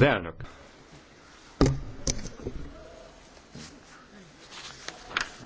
az elnök.